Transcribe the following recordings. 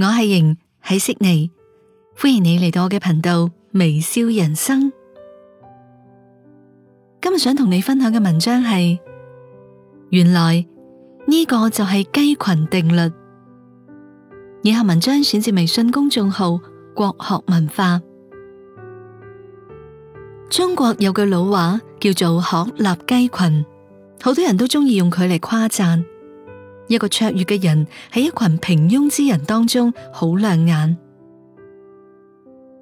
我係瑩，喺悉尼，歡迎你嚟到我嘅頻道微笑人生。今日想同你分享嘅文章係，原來呢個就係雞群定律。以下文章選自微信公眾號國學文化。中國有句老話叫做鶴立雞群，好多人都中意用佢嚟誇讚。一個卓越嘅人喺一群平庸之人當中好亮眼，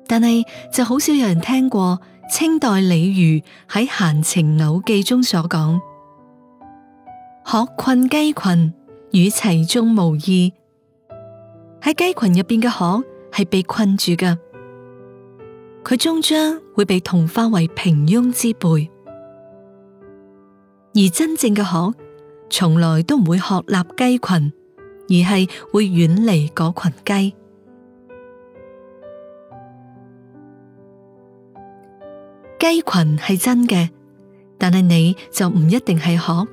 但係就好少有人聽過清代李漁喺《閒情偶寄》中所講：鶴困雞群與齊中無異。喺雞群入邊嘅鶴係被困住嘅，佢終將會被同化為平庸之輩，而真正嘅鶴。從來都唔會鶴立雞群，而係會遠離嗰群雞。雞群係真嘅，但係你就唔一定係鶴。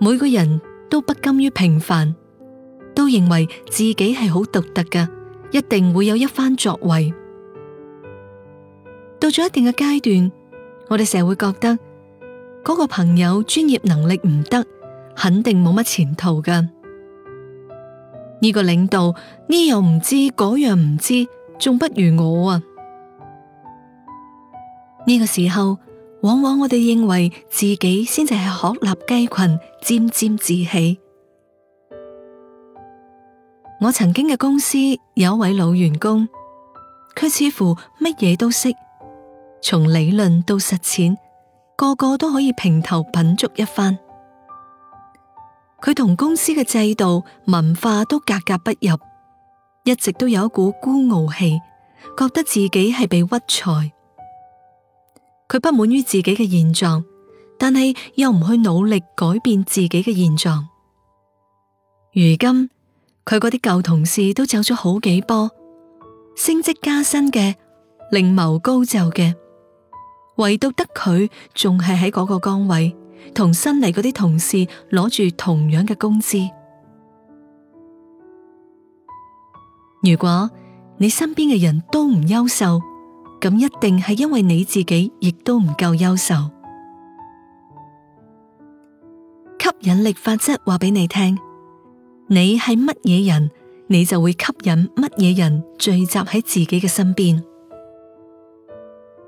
每個人都不甘於平凡，都認為自己係好獨特噶，一定會有一番作為。到咗一定嘅階段，我哋成日會覺得。嗰個朋友專業能力唔得，肯定冇乜前途噶。呢個領導呢又唔知，嗰樣唔知，仲不如我啊！呢個時候，往往我哋認為自己先至係鶴立雞群，沾沾自喜。我曾經嘅公司有一位老員工，佢似乎乜嘢都識，從理論到實踐。個個都可以評頭品足一番，佢同公司嘅制度、文化都格格不入，一直都有一股孤傲氣，覺得自己係被屈才。佢不滿於自己嘅現狀，但係又唔去努力改變自己嘅現狀。如今佢嗰啲舊同事都走咗好幾波，升職加薪嘅，另謀高就嘅。唯獨得佢仲係喺嗰個崗位，同新嚟嗰啲同事攞住同樣嘅工資。如果你身邊嘅人都唔優秀，咁一定係因為你自己亦都唔夠優秀。吸引力法則話俾你聽，你係乜嘢人，你就會吸引乜嘢人聚集喺自己嘅身邊。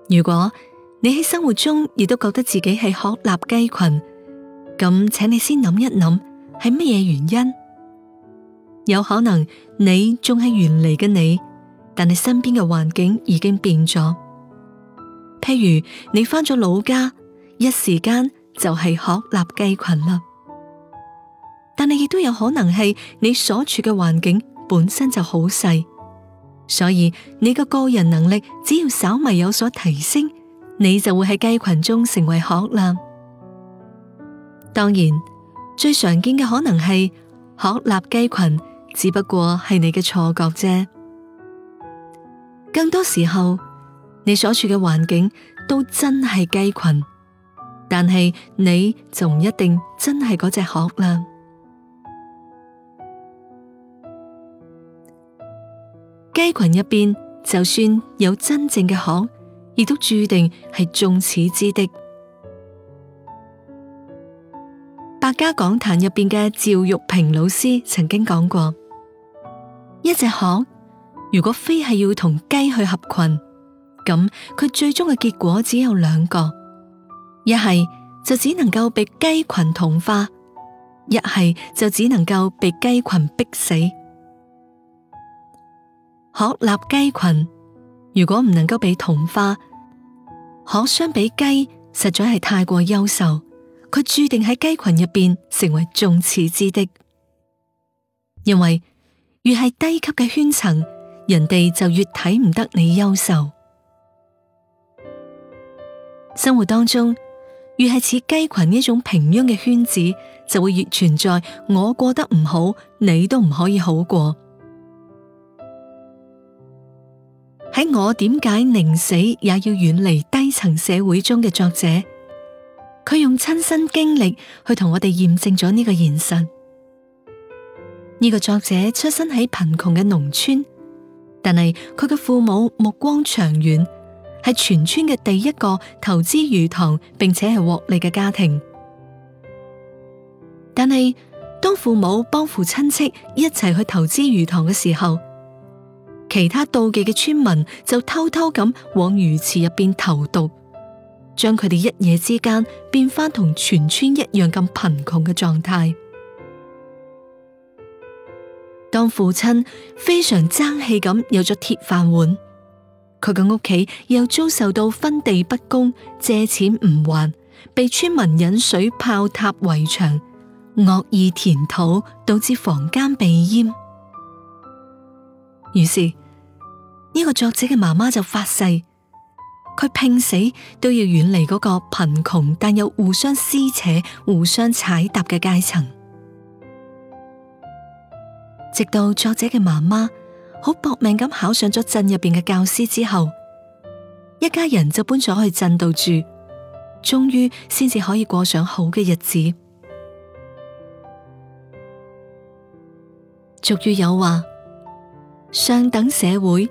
如果你喺生活中亦都覺得自己係鶴立雞群，咁請你先諗一諗係乜嘢原因？有可能你仲係原嚟嘅你，但係身邊嘅環境已經變咗。譬如你返咗老家，一時間就係鶴立雞群啦。但係亦都有可能係你所處嘅環境本身就好細，所以你嘅個人能力只要稍微有所提升。你就會喺雞群中成為鶴啦。當然，最常見嘅可能係鶴立雞群，只不過係你嘅錯覺啫。更多時候，你所處嘅環境都真係雞群，但係你就唔一定真係嗰隻鶴啦。雞群入邊就算有真正嘅鶴，亦都注定係眾矢之的。百家講壇入邊嘅趙玉平老師曾經講過：一隻鶴如果非係要同雞去合群，咁佢最終嘅結果只有兩個，一係就只能夠被雞群同化，一係就只能夠被雞群逼死。鶴立雞群，如果唔能夠被同化。可相比雞，實在係太過優秀，佢注定喺雞群入邊成為眾矢之的。因為越係低級嘅圈層，人哋就越睇唔得你優秀。生活當中，越係似雞群呢種平庸嘅圈子，就會越存在：我過得唔好，你都唔可以好過。喺我點解寧死也要遠離低層社會中嘅作者，佢用親身經歷去同我哋驗證咗呢個現實。呢個作者出生喺貧窮嘅農村，但係佢嘅父母目光長遠，係全村嘅第一個投資魚塘並且係獲利嘅家庭。但係當父母幫扶親戚一齊去投資魚塘嘅時候，其他妒忌嘅村民就偷偷咁往魚池入邊投毒，將佢哋一夜之間變翻同全村一樣咁貧窮嘅狀態。當父親非常爭氣咁有咗鐵飯碗，佢嘅屋企又遭受到分地不公、借錢唔還、被村民引水泡塌圍牆、惡意填土導致房間被淹，於是，呢個作者嘅媽媽就發誓，佢拼死都要遠離嗰個貧窮但又互相撕扯、互相踩踏嘅階層。直到作者嘅媽媽好搏命咁考上咗鎮入邊嘅教師之後，一家人就搬咗去鎮度住，終於先至可以過上好嘅日子。俗語有話：上等社會。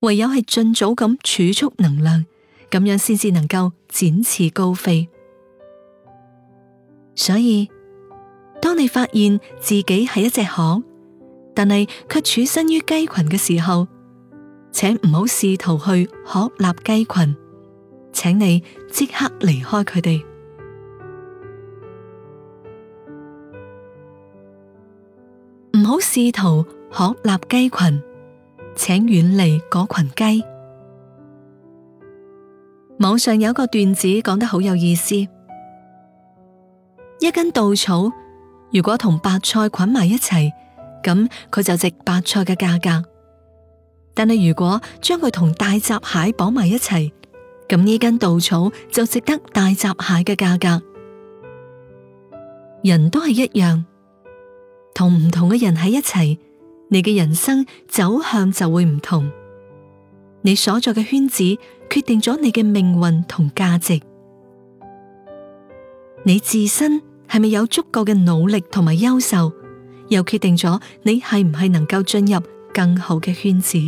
唯有係盡早咁儲蓄能量，咁樣先至能夠展翅高飛。所以，當你發現自己係一隻鶴，但係卻處身於雞群嘅時候，請唔好試圖去鶴立雞群，請你即刻離開佢哋，唔好試圖鶴立雞群。請遠離嗰群雞。網上有個段子講得好有意思：一根稻草如果同白菜捆埋一齊，咁佢就值白菜嘅價格；但係如果將佢同大閘蟹綁埋一齊，咁呢根稻草就值得大閘蟹嘅價格。人都係一樣，同唔同嘅人喺一齊。你嘅人生走向就會唔同，你所在嘅圈子決定咗你嘅命運同價值，你自身係咪有足夠嘅努力同埋優秀，又決定咗你係唔係能夠進入更好嘅圈子。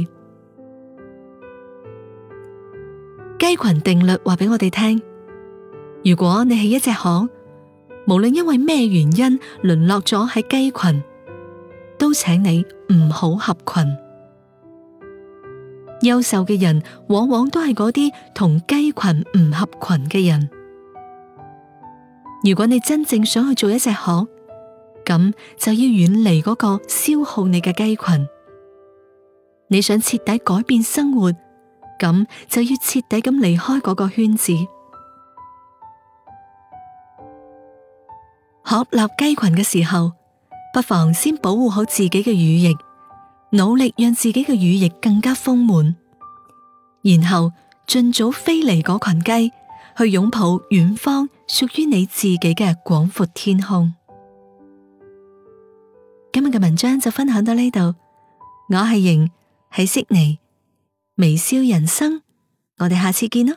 雞群定律話俾我哋聽：如果你係一隻鶴，無論因為咩原因淪落咗喺雞群。都請你唔好合群。優秀嘅人往往都係嗰啲同雞群唔合群嘅人。如果你真正想去做一隻鶴，咁就要遠離嗰個消耗你嘅雞群。你想徹底改變生活，咁就要徹底咁離開嗰個圈子。鶴立雞群嘅時候，不妨先保護好自己嘅羽翼，努力讓自己嘅羽翼更加豐滿，然後盡早飛離嗰群雞，去擁抱遠方屬於你自己嘅廣闊天空。今日嘅文章就分享到呢度，我係瑩，喺悉尼微笑人生，我哋下次見咯。